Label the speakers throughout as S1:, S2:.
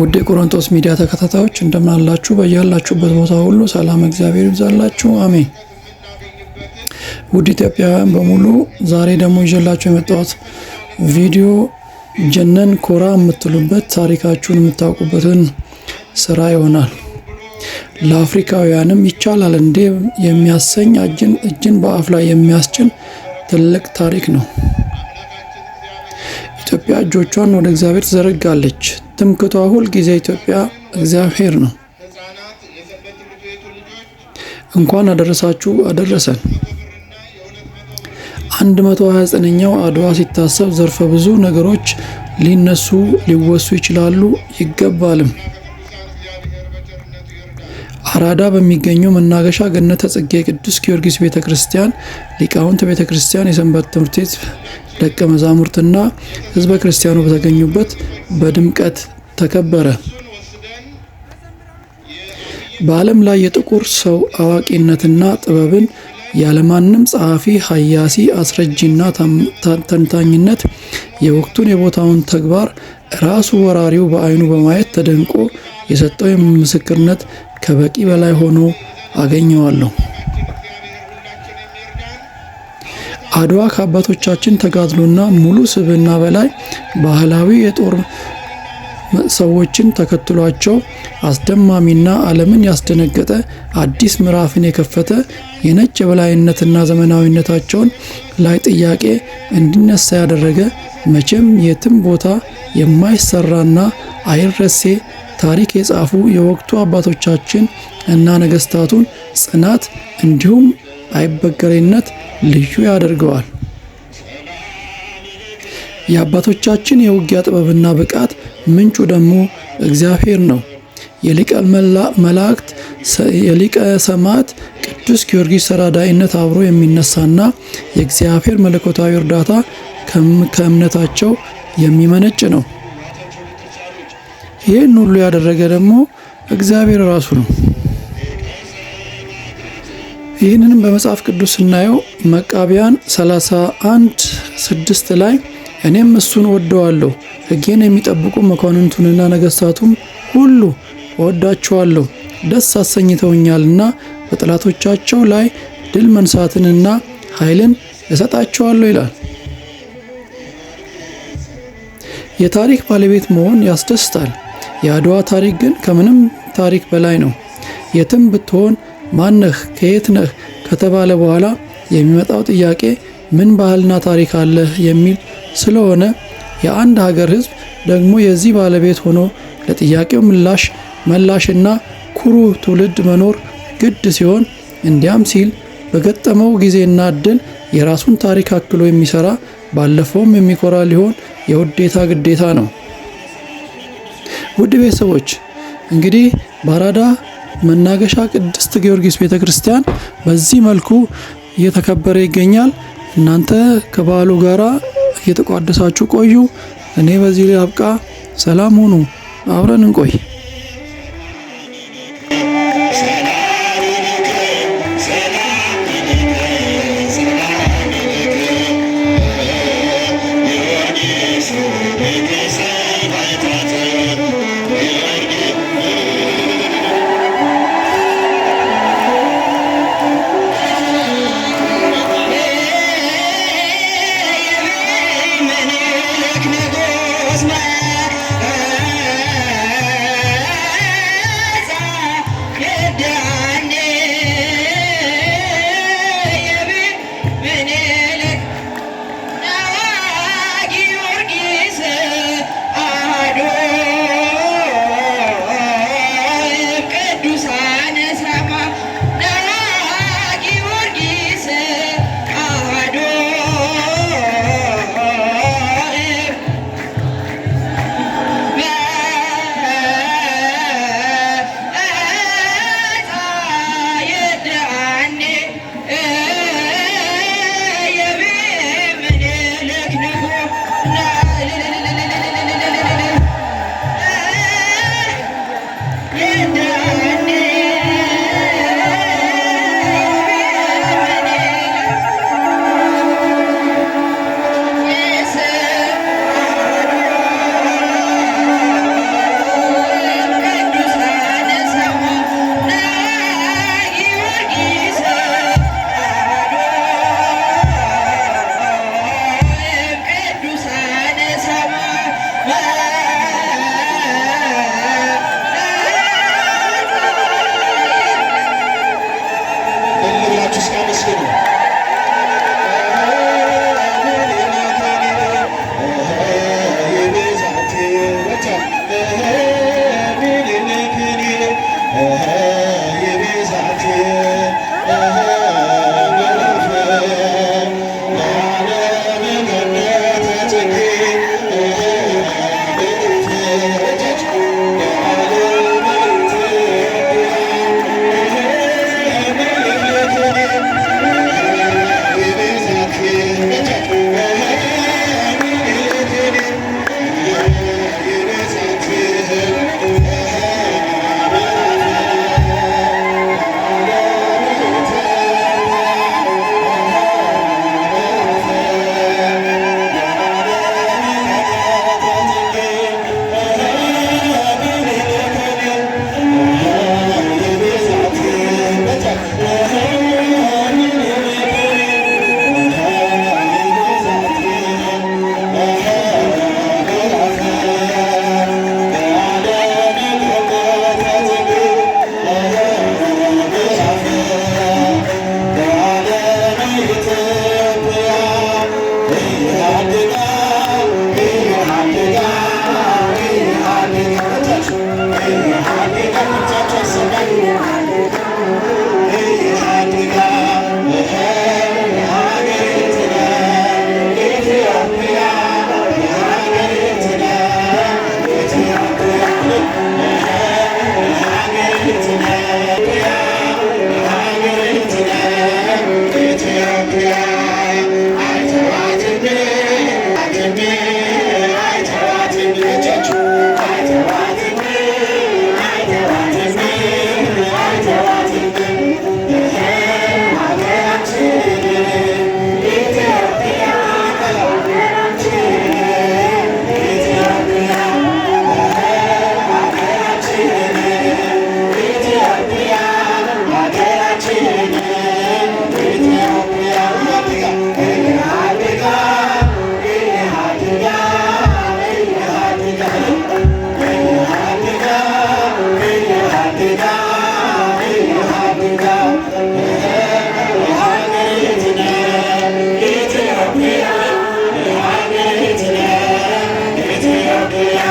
S1: ውድ የቆሮንቶስ ሚዲያ ተከታታዮች እንደምን አላችሁ? በያላችሁበት ቦታ ሁሉ ሰላም እግዚአብሔር ይብዛላችሁ፣ አሜን። ውድ ኢትዮጵያውያን በሙሉ ዛሬ ደግሞ ይዤላችሁ የመጣሁት ቪዲዮ ጀነን ኮራ የምትሉበት ታሪካችሁን የምታውቁበትን ስራ ይሆናል። ለአፍሪካውያንም ይቻላል እንዴ የሚያሰኝ እጅን በአፍ ላይ የሚያስጭን ትልቅ ታሪክ ነው። ኢትዮጵያ እጆቿን ወደ እግዚአብሔር ትዘረጋለች። ትምክቷ ሁል ጊዜ ኢትዮጵያ እግዚአብሔር ነው። እንኳን አደረሳችሁ አደረሰን። 129ኛው አድዋ ሲታሰብ ዘርፈ ብዙ ነገሮች ሊነሱ ሊወሱ ይችላሉ ይገባልም። አራዳ በሚገኘው መናገሻ ገነተ ጽጌ ቅዱስ ጊዮርጊስ ቤተ ክርስቲያን ሊቃውንት ቤተ ክርስቲያን የሰንበት ትምህርት ቤት ደቀ መዛሙርትና ህዝበ ክርስቲያኑ በተገኙበት በድምቀት ተከበረ። በዓለም ላይ የጥቁር ሰው አዋቂነትና ጥበብን ያለማንም ጸሐፊ፣ ሀያሲ፣ አስረጂና ተንታኝነት የወቅቱን የቦታውን ተግባር ራሱ ወራሪው በአይኑ በማየት ተደንቆ የሰጠው ምስክርነት ከበቂ በላይ ሆኖ አገኘዋለሁ። አድዋ ከአባቶቻችን ተጋድሎና ሙሉ ስብዕና በላይ ባህላዊ የጦር ሰዎችን ተከትሏቸው አስደማሚና ዓለምን ያስደነገጠ አዲስ ምዕራፍን የከፈተ የነጭ የበላይነትና ዘመናዊነታቸውን ላይ ጥያቄ እንዲነሳ ያደረገ መቼም የትም ቦታ የማይሰራና አይረሴ ታሪክ የጻፉ የወቅቱ አባቶቻችን እና ነገስታቱን ጽናት እንዲሁም አይበገሬነት ልዩ ያደርገዋል። የአባቶቻችን የውጊያ ጥበብና ብቃት ምንጩ ደግሞ እግዚአብሔር ነው። የሊቀ መላእክት የሊቀ ሰማዕት ቅዱስ ጊዮርጊስ ተራዳኢነት አብሮ የሚነሳና የእግዚአብሔር መለኮታዊ እርዳታ ከእምነታቸው የሚመነጭ ነው። ይህን ሁሉ ያደረገ ደግሞ እግዚአብሔር ራሱ ነው። ይህንንም በመጽሐፍ ቅዱስ ስናየው መቃቢያን 31 ስድስት ላይ እኔም እሱን ወደዋለሁ ሕጌን የሚጠብቁ መኳንንቱንና ነገሥታቱም ሁሉ ወዳቸዋለሁ ደስ አሰኝተውኛልና በጠላቶቻቸው ላይ ድል መንሳትንና ኃይልን እሰጣቸዋለሁ ይላል። የታሪክ ባለቤት መሆን ያስደስታል። የአድዋ ታሪክ ግን ከምንም ታሪክ በላይ ነው። የትም ብትሆን ማነህ ከየት ነህ ከተባለ በኋላ የሚመጣው ጥያቄ ምን ባህልና ታሪክ አለህ የሚል ስለሆነ የአንድ ሀገር ህዝብ ደግሞ የዚህ ባለቤት ሆኖ ለጥያቄው ምላሽ መላሽና ኩሩ ትውልድ መኖር ግድ ሲሆን እንዲያም ሲል በገጠመው ጊዜና እድል የራሱን ታሪክ አክሎ የሚሰራ ባለፈውም የሚኮራ ሊሆን የውዴታ ግዴታ ነው። ውድ ቤተሰቦች እንግዲህ ባራዳ መናገሻ ቅድስት ጊዮርጊስ ቤተ ክርስቲያን በዚህ መልኩ እየተከበረ ይገኛል። እናንተ ከበዓሉ ጋር እየተቋደሳችሁ ቆዩ። እኔ በዚህ ላይ አብቃ። ሰላም ሁኑ፣ አብረን እንቆይ። Yeah.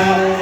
S1: Tchau.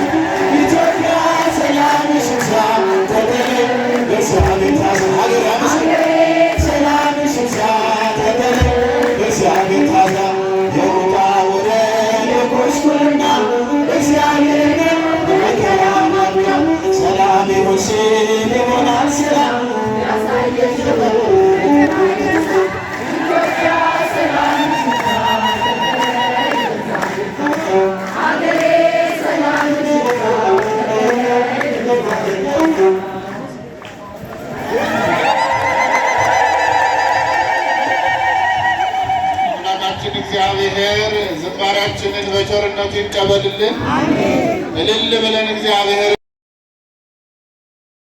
S1: እግዚአብሔር ዝማሬያችንን በቸርነቱ ይቀበልልን። እልል ብለን እግዚአብሔር